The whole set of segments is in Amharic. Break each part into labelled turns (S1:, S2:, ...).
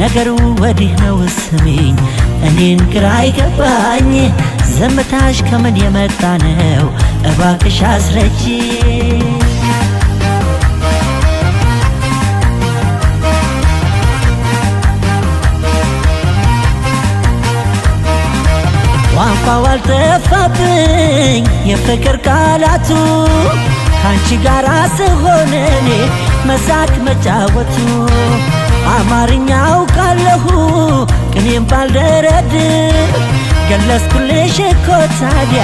S1: ነገሩ ወዲህ ነው ስሚኝ፣ እኔን ግራ አይገባኝ። ዝምታሽ ከምን የመጣ ነው? እባክሽ አስረጂ። ቋንቋው አልጠፋብኝ የፍቅር ቃላቱ ከአንቺ ጋር ስሆን እኔ መሳቅ መጫወቱ አማርኛው እኔም ባልደረድ ገለጽኩልሽ እኮ ታዲያ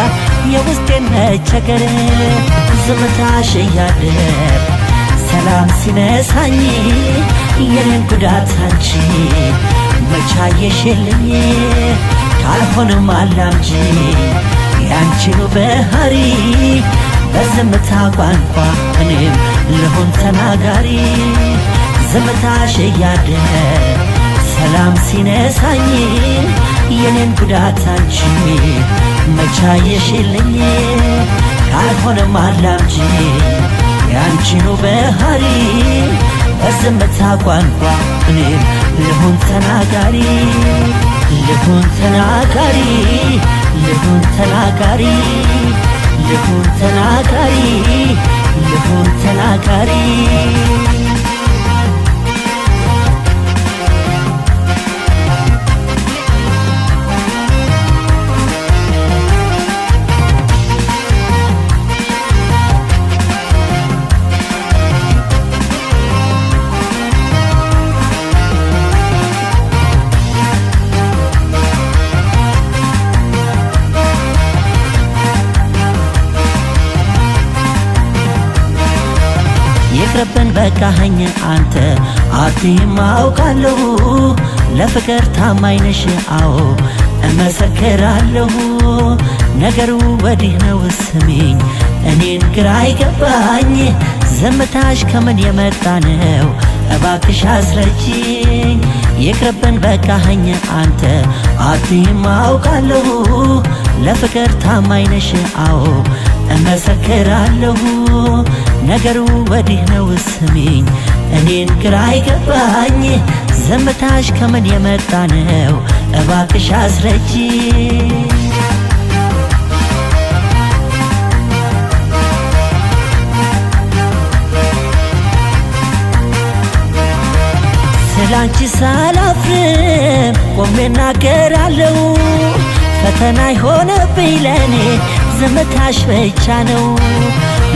S1: የውስጤን መቸገር ዝምታሽ እያደር ሰላም ሲነሳኝ የኔን ጉዳት አንቺ መቻየሽልኝ ካልሆንም አላምጂ ያንቺኑ ባህሪ በዝምታ ቋንቋ እኔም ልሆን ተናጋሪ ዝምታሽ እያደር ሲነሳኝ የኔን ጉዳት አንቺ መቻየሽልኝ ካልሆነም አላምጂ የአንቺኑ ባህሪ በዝምታ ቋንቋ እኔም ልሁን ተናጋሪ ልሁን ተናጋሪ ልሁን ተናጋሪ ልሁን ተናጋሪ ልሁን ተናጋሪ አፍረብን በቃኸኝ አንተ አትይም አውቃለሁ ለፍቅር ታማኝነሽ አዎ እመሰክራለሁ ነገሩ ወዲህ ነው ስሚኝ እኔን ግራ አይገባኝ ዝምታሽ ከምን የመጣ ነው እባክሽ አስረጅኝ ይቅርብን በቃኸኝ አንተ አትይም አውቃለሁ ለፍቅር ታማኝነሽ አዎ እመሰክራለሁ ነገሩ ወዲህ ነው ስሚኝ፣ እኔን ግራ አይገባኝ ዘመታሽ ከምን የመጣ ነው? እባክሽ አስረጂ ስላንቺ ሳላፍርም ቆሜ እናገራለሁ ፈተና ይሆነብኝ ለእኔ ዝምታሽ ብቻ ነው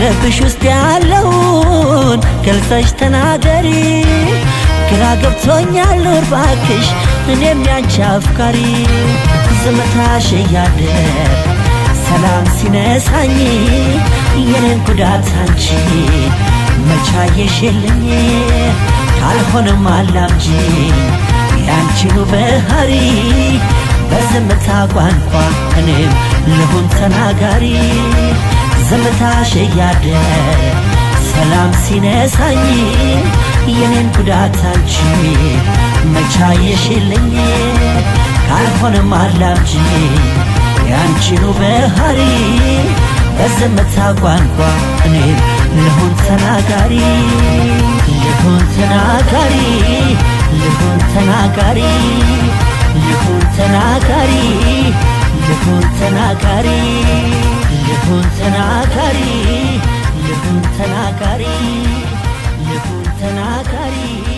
S1: ልብሽ ውስጥ ያለውን ገልጸሽ ተናገሪ። ግራ ገብቶኛል እባክሽ እኔም ያንቺ አፍቃሪ። ዝምታሽ እያለ ሰላም ሲነሳኝ የኔን ጉዳት አንቺ መቻየሽልኝ ካልሆነም አላምጂ አንቺኑ በሃሪ በዝምታ ቋንቋ እኔም ልሁን ተናጋሪ ዝምታሽ እያደረ ሰላም ሲነሳኝ የኔን ጉዳት አንቺ መቻየሽልኝ ካልሆነም አላምጂ የአንቺኑ በሃሪ በዝምታ ቋንቋ እኔም ልሁን ተናጋሪ ልሁን ተናጋሪ ልሁን ተናጋሪ ይሁን ተናጋሪ ይሁን ተናጋሪ ይሁን ተናጋሪ ይሁን ተናጋሪ ይሁን ተናጋሪ